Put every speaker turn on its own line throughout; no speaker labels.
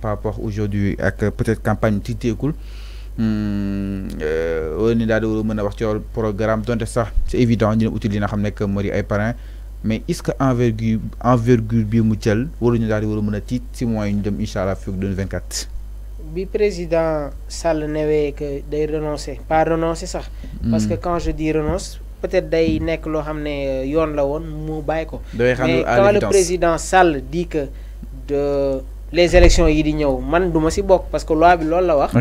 par rapport aujourd'hui avec peut-être campagne tiiteekul hmm, euh, wala on On est war programme donc ça c'est évident ñu outil li et et parrain mais est-ce que virgule virgule bi mu jël waruñu daal a mën si mois une ñu dem 2024.
bi président Sal veut que de renoncer pas renoncer ça hmm. parce que quand je dis renonce. peut-être d'ailleurs nekk loo ne euh, la mais quand le président Sale dit que de les élections yi di ñëw man duma ci bokk parce que loi bi lool la wax.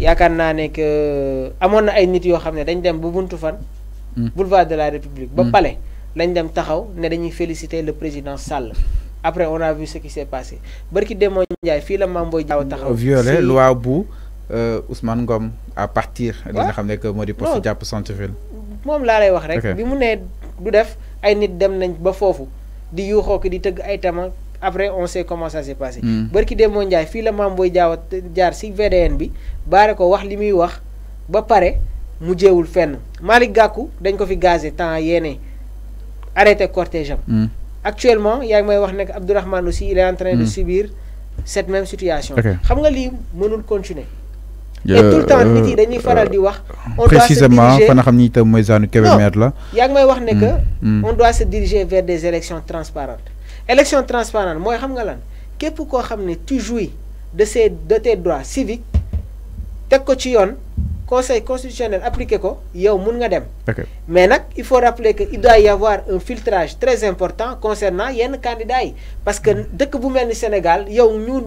yaakaar naa ne que amoon na ay nit yoo xam ne dañ dem bu buntu fan. Hmm. boulevard de la République. ba hmm. palais lañ dem taxaw ne dañuy féliciter le président Sall. après on a vu ce qui s'est passé barki demo Ndiaye fii la mamboy jaw taxaw. violé loi
bu euh, Ousmane Ngom à partir. li nga xam ne que moo di poste jàpp centre-ville.
moom laa lay wax rek. bi mu nee du def ay nit dem nañ ba foofu di yuuxoo ki di tëgg ay tama après on sait comment ça s'est passé. Hmm. barki Demba Ndiaye fi la mam boy Diao jaar ci VDN bi baare ko wax limi wax ba paré mu jéewul fenn malik Gakou dañ ko fi gazé temps yéene arrêté cortège am. Hmm. actuellement yaa ngi may wax nek Abdourahmane aussi il est en train de hmm. subir cette même situation. xam nga li mënul continuer.
et tout le temps nit yi dañuy euh, faral di
wax. on doit se diriger précisément fana xam
ni moy mooy zaanu Kébémer la.
yaa may wax ne que. on doit se diriger vers des élections transparentes élection transparente moy xam nga lan képp tu jouis de ces tes droits civiques tek ko ci yone conseil constitutionnel appliqué ko yow nga dem. mais nak, il faut rappeler que doit y avoir un filtrage très important concernant les candidats parce que dès que vous venez au Sénégal yow ñun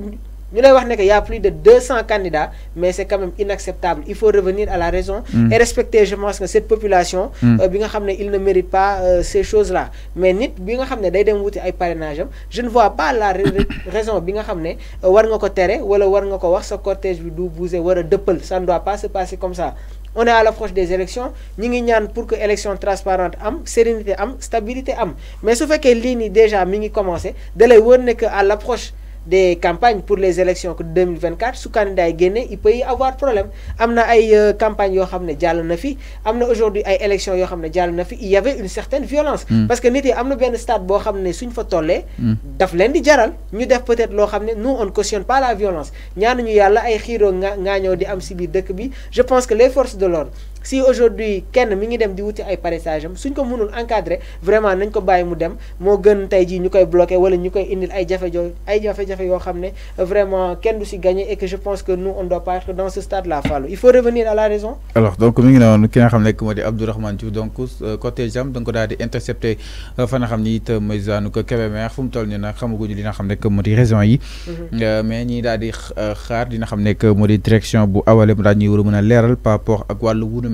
nous lay wax qu'il y' a plus de 200 candidats mais c'est quand même inacceptable il faut revenir à la raison. Mm. et respecter je pense que cette population. Mm. Euh, bi nga il ne mérite pas euh, ces choses là mais nit bi nga xam ne day dem parrainage je ne vois pas la raison bi nga xam ne euh, war nga ko tere wala war nga ko wax sa cortège bi du bouger ça ne doit pas se passer comme ça. on est à l'approche des élections ñi ngi pour que élection transparente am sérénité am stabilité am mais su fait que nii déjà mi ngi commencé da lay wër à l'approche des campagnes pour les élections de 2024 sous candidat yi il peut y avoir problème amna ay euh, campagnes yo xamné ne na fi amna aujourd'hui ay élection yo xamné ne na fi il y avait une certaine violence hmm. parce que nit yi ben stade bo xamné suñ fa tollee hmm. daf leen di jaral ñu def peut-être lo xamné nous on ne cautionne pas la violence ñu yalla ay xiiroo ngaño di am ci bi dëkk bi je pense que les forces de l'ordre si aujourd'hui kenn mi ngi dem di wuti ay parrainage am suñ ko mënul encadrer vraiment nañ ko bàyyi mu dem moo gën tey jii ñu koy bloquer wala ñu koy indil ay jafe-jafe ay jafe-jafe yoo xam ne vraiment kenn du si gagner et que je pense que nous on doit pas être dans ce stade là fallo. il faut revenir à la raison.
alors donc mi ngi ne woon ki nga xam ne moo di Abdourahmane Diouf donc euh, côté jam da nga daal di euh, fa nga xam ni it euh, mooy ko ko mer fu mu toll nii nag xamaguñu li nga xam ne moo di raison yi. Mhm. mais ñi daal di xaar dina xam ne moo di direction bu awalem daal ñuy war a mën a leeral par rapport ak wàllu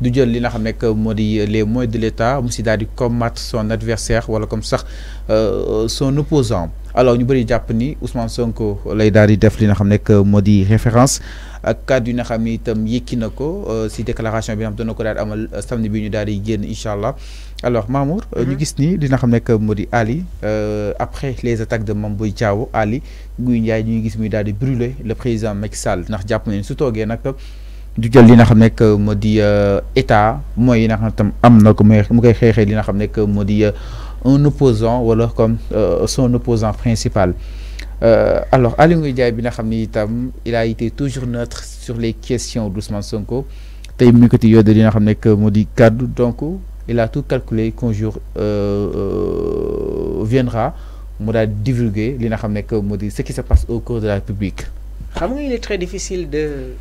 du jël li nga xam nekk les moyens de l'État mu si daal di combattre son adversaire wala comme sax euh, son opposant alors ñu bari japp ni Ousmane Sonko lay daal di def li nga xam nekk moo référence ak kàddu yi nga xam itam ko euh, déclaration bi nga xam ko daal amal samedi bi ñu daal di génn alors Mamour. Euh, ñu mm-hmm. gis ni li nga xam nekk moo Ali après les attaques de Mame Boye Ali Guy Ndiaye ñu gis muy daal di brûler le président Macky Sall ndax japp nañu su toogee nak du jël li nga xam nekk euh, état moy yi nga xam tam amna na ko mu koy xeexee li nga xam nekk euh, un opposant wala comme euh, son opposant principal alors Ali Ngouille Ndiaye bi nga xam il a été toujours neutre sur les questions d'Ousmane Sonko tay mi ko ti yodde li nga xam nekk moo donc il a tout calculé qu'un jour viendra mu daal divulguer li nga xam nekk ce qui se passe au cours de la République
xam nga il est très difficile de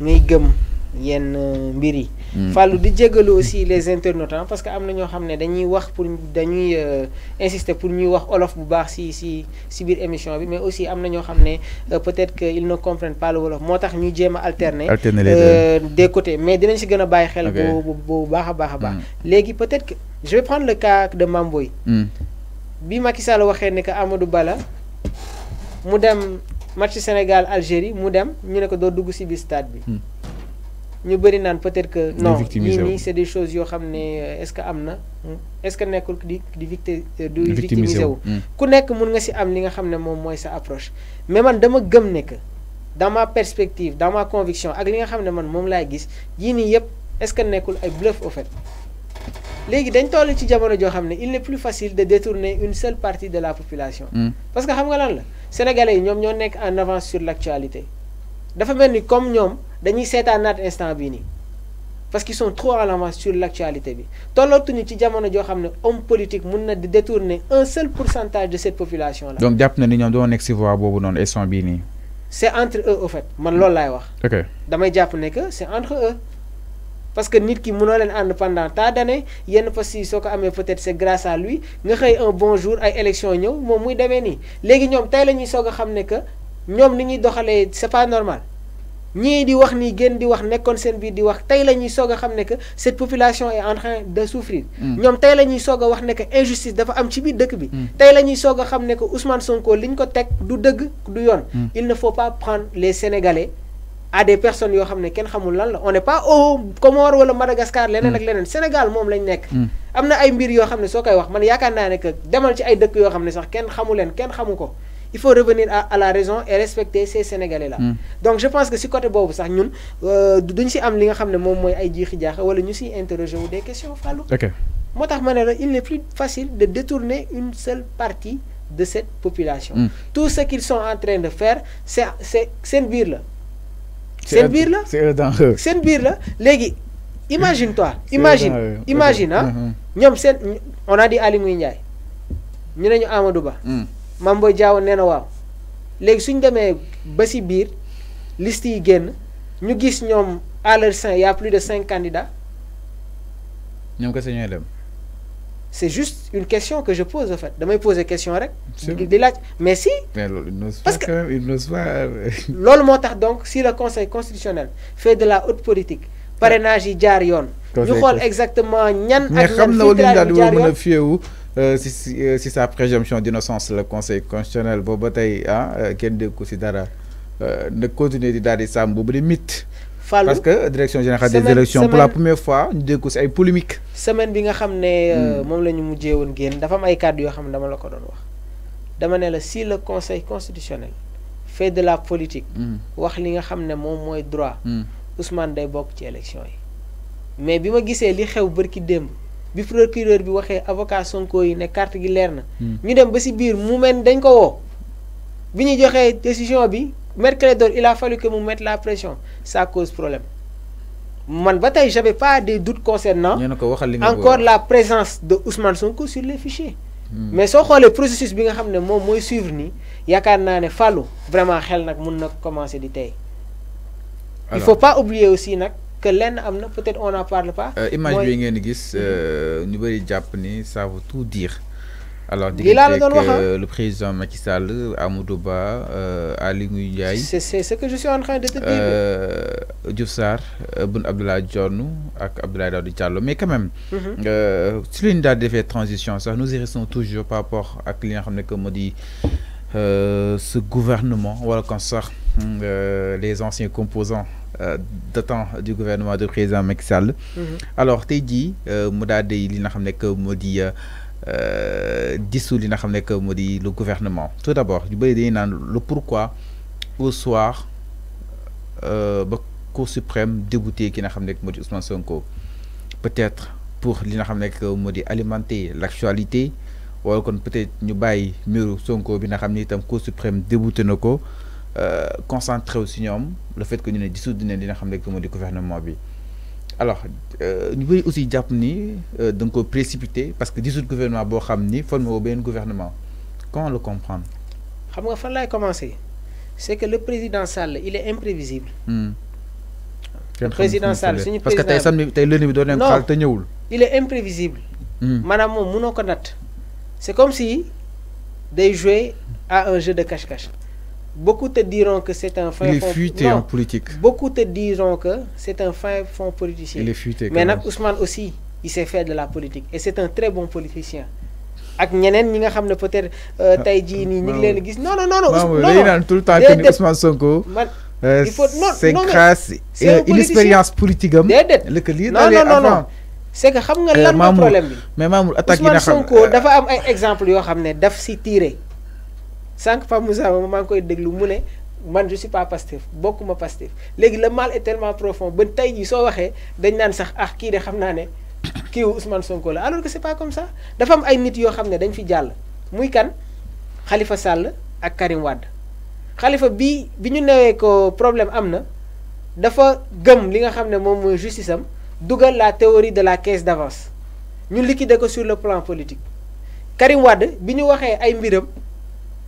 ngay comme yenn euh, mbir yi. Hmm. di jégalu aussi les internautes hein, parce que amna ño xamné dañuy wax pour dañuy euh, insister pour ñuy wax olof bu baax si si si bir émission bi mais aussi amna ño xamné euh, peut-être que ils ne comprennent pas le wolof motax tax ñuy jéem des côtés mais dinañ ci gëna a xel. bu bu baaxa a baax hmm. légui peut-être que je vais prendre le cas de Mamboy. Hmm. bi Macky Sall waxé ne que Amadou Bala mu dem match Sénégal Algérie mu dem ñu ne ko dugg ci stade bi. Hmm. ñu peut-être que. non c'est des choses euh, est-ce que est-ce que nekkul di di euh, du hmm. ku nekk mën nga ci am li nga approche. mais man dama dans ma perspective dans ma conviction ak li nga man mom est-ce que ay bluff au fait léegi dañ toll ci jamono jo xamné il n'est plus facile de détourner une seule partie de la population. Hmm. parce que xam nga lan la sénégalais ñom ñoom ñoo nekk en avance sur l'actualité dafa mel comme ñom dañuy seetaanaat instant bi ni parce qu'ils sont trop en avance sur l'actualité bi tollootuñu ci jamono jo xamné un homme politique mën na di détourner un seul pourcentage de cette population là. donc
japp na ni ñom do nekk ci voie boobu noonu instant bi ni
c'est entre eux au fait man lool lay wax. ok damay japp ne que c'est entre eux parce que nit ki mënoo leen pendant tant d'années yenn poste yi soo ko peut-être c'est grâce à lui nga xey un bon jour ay élection ñëw mom muy demee ni légui ñom tay lañuy soga xamné que ñom ni ñuy doxalé c'est pas normal ñi di wax ni gën di wax nekkoon seen bi di wax tay lañuy soga xamné que cette population est en train de souffrir. Mm. ñom tay lañuy soga wax né que injustice dafa am ci biir dëkk bi. Mm. tay lañuy soga xamné que Ousmane Sonko liñ ko tek du dëgg du yoon. Mm. il ne faut pas prendre les Sénégalais à des personnes yoo xam ne kenn xamul lan on n'est pas au Comores wala Madagascar. leneen ak mm. leneen Sénégal mom lañ nekk. Mm. am na ay mbir yo xamné sokay wax man yaakaar naa ne demal ci ay dëkk yo xamné sax kenn xamu leen kenn xamu ko il faut revenir à à la raison et respecter ces Sénégalais là. Mm. donc je pense que si côté bobu sax ñun euh, duñ ci am li nga xamné mom moy ay jiixi jaaxa wala ñu ci interroger ou des questions fallu ok moo tax la il n'est plus facile de détourner une seule partie de cette population. tout ce qu'ils sont en train de faire c'est seen biir là seen biir la seen biir la léegi imagine toi imagine imagine ah mm-hmm. ñoom seen on a dit Ali Nguy ñu ne ñu Amadou Ba mm. Mame Boye Diao nee na waaw léegi suñ demee ba si biir liste génn ñu gis ñoom à leur sein y a plus de cinq candidats ñoom kese ñooy c'est juste une question que je pose en fait me poser question avec. de Merci.
mais si parce que euh,
loolu moo donc si le conseil constitutionnel fait de la haute politique parrainage yi jaar nous ñu exactement ñan comme nous na dit, nous avons
si c'est euh, sa présomption d'innocence le conseil constitutionnel va tey à qu'il y a des considérations, na continuer di daal di Fallou parce que direction générale des élections pour la première fois ñu dégg ko ay polémique
semaine bi nga xam ne euh, hmm. moom la ñu mujjee woon génn dafa am ay kàddu yoo xam dama la ko doon wax dama ne la si le conseil constitutionnel fait de la politique hmm. wax li nga xamné mom moy droit hmm. Ousmane day bok ci élection yi mais bima gissé li xew barki démb bi procureur bi waxé avocat Sonko yi ne carte gi lérna na ñu dem ba ci bir mu men dañ ko wo biñu joxé décision bi Mercredi, il a fallu que vous mettez la pression. Ça cause problème. Man, je n'avais pas de doute concernant encore la présence de Ousmane Sonko sur les fichiers. Hmm. Mais si on le processus que vous suivre, il y a un fallo. Vraiment, qu'on a commencer à détailler. Il ne faut pas oublier aussi que l'un peut-être on n'en parle pas. Euh, image bien,
nous avons ça veut tout dire alors hein? euh, le président Macky Sall Amadou Ba euh, c'est
c'est ce que je suis en train de te dire.
Euh, Diouf Sarr Boun Abdoulaye Diallo mais quand même. Mhm. l'une une date de transition ça, nous restons toujours par rapport à ce nga comme dit ce gouvernement wala euh, les anciens composants de temps du gouvernement du président Macky Sall. Mhm. alors tu dit, euh, il y li nga comme dit que dissous euh, li nga xam que le gouvernement tout d'abord du beuy bëri dañuy le pourquoi au soir euh, ba cour suprême débouté ki nga xam modi Ousmane Sonko peut-être pour li nga xam que alimenter l'actualité wala kon peut-être ñu bàyyi mbiru Sonko bi nga xam tam cour suprême débouté nako euh concentré aussi ñom le fait que ñu ne dissoudre dinañ li nga xam que gouvernement bi alors euh, nous avons aussi jàpp euh, précipité parce que 18 gouvernements gouvernements, xam ni formé un ben gouvernement comment le comprendre.
xam nga commencer. C'est que le président Sall il est imprévisible.
Hmm. le président Sall c'est président parce que tu as le lundi bi doon
il est imprévisible. Hmm. Madame, moom comme si des jouer à un jeu de cache-cache. Beaucoup te diront que c'est un fin fond... fuité en politique. Beaucoup te diront que c'est un fin fond politicien. Il est fuité. Mais Ousmane aussi, il sait faire de la politique. Et c'est un très bon politicien. ak ñeneen ñi nga xam ne peut-être euh, ah, tey jii nii ñu ngi leen gis. non non non non non naan tout le temps que ni Ousmane
Sonko. man
euh, il faut non non c'est grâce une expérience
politique am. déedéet non non non
c'est que xam nga euh, lan mooy problème bi.
mais Mamour attaque yi nga xam Ousmane Sonko
dafa am ay exemples yoo xam ne daf si tiré. 5 Pape Moussa moom maa koy man je suis pas Pastef beaucoup ma léegi le mal est tellement profond ben tey jii soo ben dañ nan sax ah kii de xam naa ne kii Ousmane Sonko alors que c'est pas comme ça dafa am ay nit yoo xam ne dañ fi kan Khalifa Sall ak Karim Wade Khalifa bi bi ñu ko problème amna. dafa gëm li nga mon justice am la théorie de la caisse d'avance ñu liquider ko sur le plan politique Karim Wade bi ñu waxee ay mbiram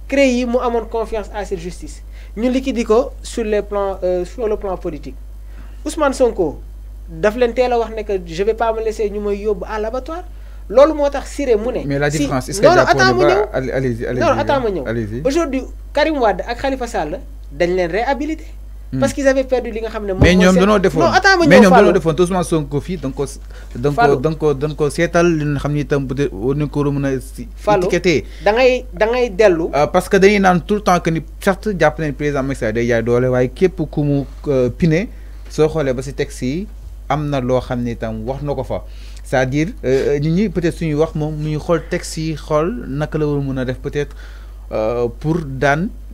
créer mon mu confiance à cette justice Nous liquidons sur les plans euh, sur le plan politique Ousmane Sonko daf leen wax ne que je vais pas me laisser ñu yob à l'abattoir loolu motax Siré mu mais la différence est-ce que non non
Allez-y, allez non non attends Allez-y. aujourd'hui
Karim Wade ak Khalifa Sall dañ leen réhabilité. Hmm. parce qu'ils avaient perdu li nga xam ne moom mais ñoom danoo defoon non attends ma ñëw mais ñoom danoo defoon
Ousmane Sonko fii da ko da ko da ko seetal li nga xam ni itam peut-être war a a étiqueté da ngay da ngay euh, parce que dañuy naan tout le temps que ni certes jàpp nañ président Macky Sall day jaay doole waaye képp ku mu euh, pine soo xoolee ba si texte yi am na loo xam ne itam wax na ko fa saa diir dire nit ñi peut-être suñuy wax moom mu ñu xool texte yi xool naka la war a mën a def peut-être euh, pour daan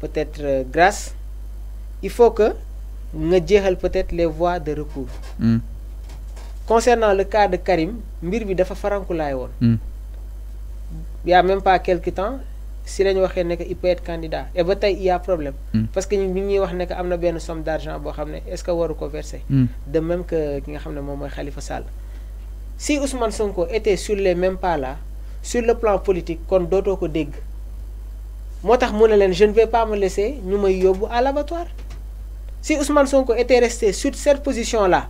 peut-être euh, grâce il faut que nous ayons peut-être les voies de recours hmm. concernant le cas de Karim mbir bi dafa de hmm. Il y a même pas quelques temps si lañ il peut être candidat et il y a un problème hmm. parce que nous avons ñuy wax que somme d'argent à est-ce que va ko verser de même que nous nga un Khalifa Sall si Ousmane Sonko était sur les mêmes pas là sur le plan politique kon d'autres ko dit, je ne vais pas me laisser à l'abattoir si Ousmane Sonko était resté sur cette position là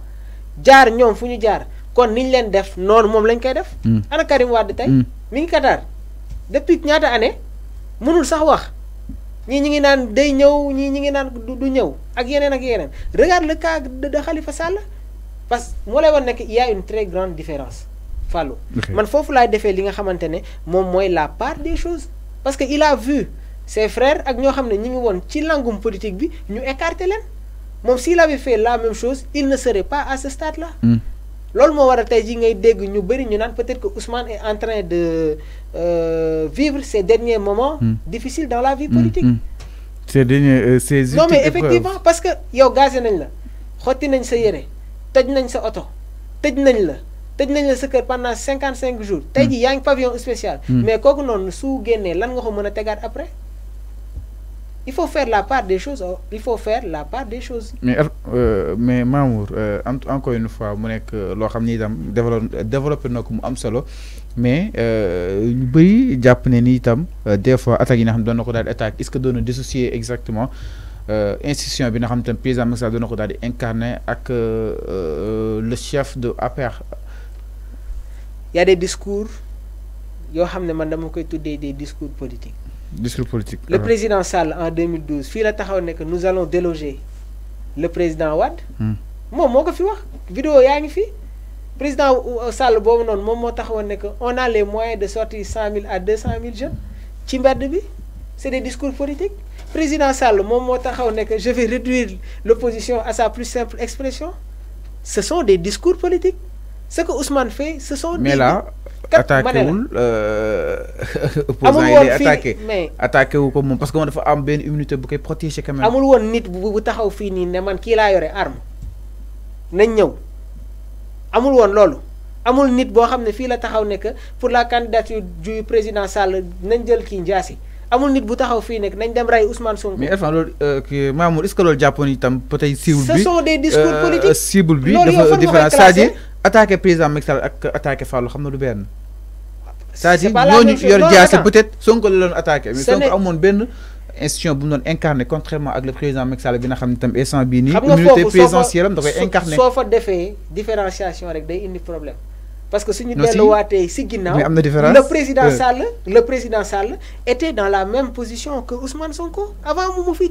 jaar ñom fuñu jaar kon niñ len def non mom lañ koy def. Hmm. ana Karim Wade hmm. mi depuis ñaata année mënul sax wax ñi ñi ngi naan day ñew ñi ñi ngi du ñew ak regarde le cas de Khalifa Sall parce que il y a une très grande différence man fofu lay défé li nga xamantene ne moy la part des choses parce qu'il a vu ses frères ak ñoo xam ne ñi ngi woon ci langum politique bi ñu écarté leen moom s'il avait fait la même chose il ne serait pas à ce stade là. Hmm. loolu moo war a tey jii ngay dégg ñu bëri ñu naan peut-être que Ousmane est en train de euh, vivre ses derniers moments. Hmm. difficiles dans la vie politique.
ces hmm, derniers ces euh, non mais effectivement
parce que yow gazé nañ la xotti nañ sa yére tëj nañ sa oto tëj nañ la tej nañ la sa kër pendant 55 jours. tey jii yaa ngi pavillon spécial. Hmm. mais kooku noonu su génnee lan nga ko mën a après. il faut faire la part des choses oh. il faut faire la part des choses.
mais euh, mais Mamour euh, encore une fois mu nekk euh, loo xam ni itam développé na ko mu am solo mais ñu bëri jàpp ne ni itam des fois attaque yi nga xam doon na ko daal attaque est-ce que doon na dissocier exactement institution bi nga xam itam président Macky Sall doon na ko daal di incarner ak le chef de APR.
Il y a des discours yo man des discours politiques.
discours le ah. président
Sall en 2012 la que nous allons déloger le président Wade. Hmm. moi fi wax. vidéo fi président euh, Sall bobu non moom on a les moyens de sortir 100 000 à 200 000 jeunes ci des discours politiques président Sall mo que je vais réduire l'opposition à sa plus simple expression ce sont des discours politiques ce que Ousmane fait ce sont mais là
euh, Il opposant parce que a une protéger quand
même nit bu taxaw ne man y a arme nañ amul nit bo ne la taxaw pour la candidature du président Sall nañ jël ki njaasi amul nit bu taxaw fi qui nañ dem ray Ousmane Sonko. mais
euh, est-ce que japonais itam peut-être cible ce sont des discours euh, politiques cible bi dafa cest à attaqué président Macky Sall ak attaqué Fallou xam na du c'est-à-dire yor jaase peut-être Sonko la doon attaqué. mais Sonko amone ben institution bu mu incarné contrairement à le président Macky Sall bi nga xam ne tam instant bi ni immunité présidentielle da koy incarné soo
fa différenciation rek day indi problème. parce que si suñu waté si ginnaw le président euh. Sall le président Sall était dans la même position que Ousmane Sonko avant mu mu fi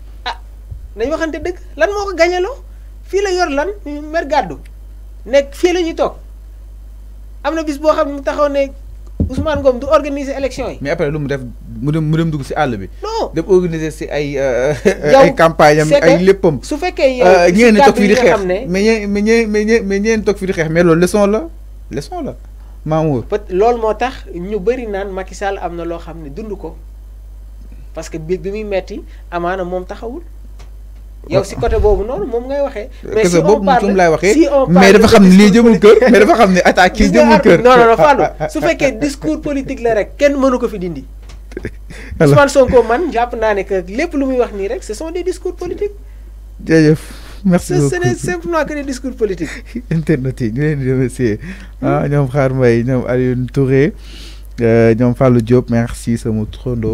nañ waxante dëgg lan moo ko gañaloo fii la yor lan mer gàddu nekk fii la ñuy toog am na bis boo xam ne mu taxaw ne Ousmane Ngom du organiser élection yi. mais
après lu mu def mu dem mu dem dugg si àll bi. non dem organiser si ay. Euh, euh, ay campagne am ay léppam. su
fekkee euh, ñeen toog fii di xeex
mais ñeen mais ñeen mais ñeen mais ñeen toog fii di xeex mais loolu leçon la leçon la Mamour.
loolu moo tax ñu bëri naan Macky Sall am na loo xam ne dund ko parce que bi bi muy metti amaana moom taxawul. yow si côté boobu noonu moom ngay waxee. Euh, mais si on parle lay waxee mais dafa xam
lii jëmul kër mais dafa xam ne attaque kii jëmul kër. non non Fallou su fekkee
discours politique la rek kenn mënu ko fi dindi. Ousmane Sonko man jàpp naa ne que lépp lu muy wax nii rek ce sont des discours politiques.
jërëjëf merci beaucoup ce n'est
simplement que des discours politiques.
internet yi ñu leen di remercier ah ñoom Xaar Mbaye ñoom Alioune Touré euh, ñoom Fallou Diop merci sama trondo